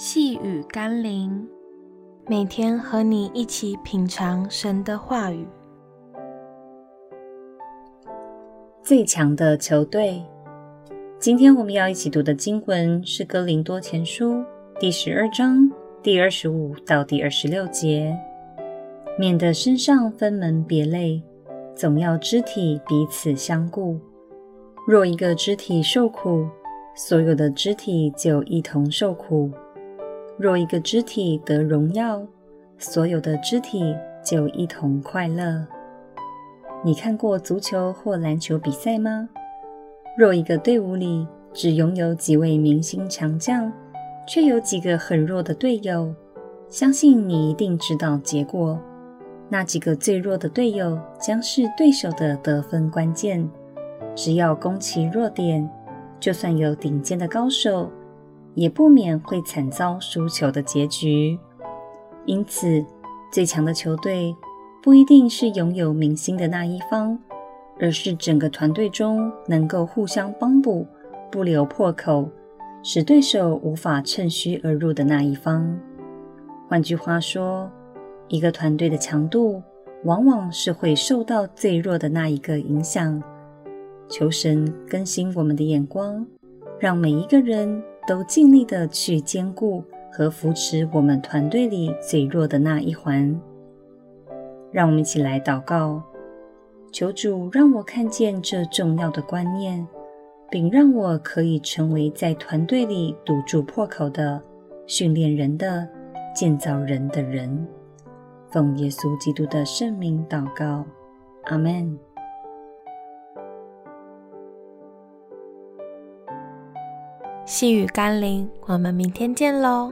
細語甘霖，每天和你一起品嘗神的話語。最強的球隊，今天我們要一起讀的經文是《哥林多前書》第十二章第二十五到第二十六節。免得身上分門別類，總要肢體彼此相顧。若一個肢體受苦，所有的肢體就一同受苦。若一個肢體得榮耀，所有的肢體就一同快樂。你看過足球或籃球比賽嗎？若一個隊伍裡只擁有幾位明星強將，卻有幾個很弱的隊友，相信你一定知道結果。那幾個最弱的隊友將是對手的得分關鍵。只要攻其弱點，就算有頂尖的高手，也不免會慘遭輸球的結局。因此，最強的球隊不一定是擁有明星的那一方，而是整個團隊中能夠互相幫補、不留破口，使對手無法趁虛而入的那一方。換句話說，一個團隊的強度往往是會受到最弱的那一個影響。求神更新我們的眼光，讓每一個人。都盡力地去堅固和扶持我們團隊裡最弱的那一環。讓我們一起來禱告，求主讓我看見這重要的觀念，並讓我可以成為在團隊裡堵住破口的、訓練人的、建造人的人。奉耶穌基督的聖名禱告，阿們。細語甘霖，我們明天見嘍。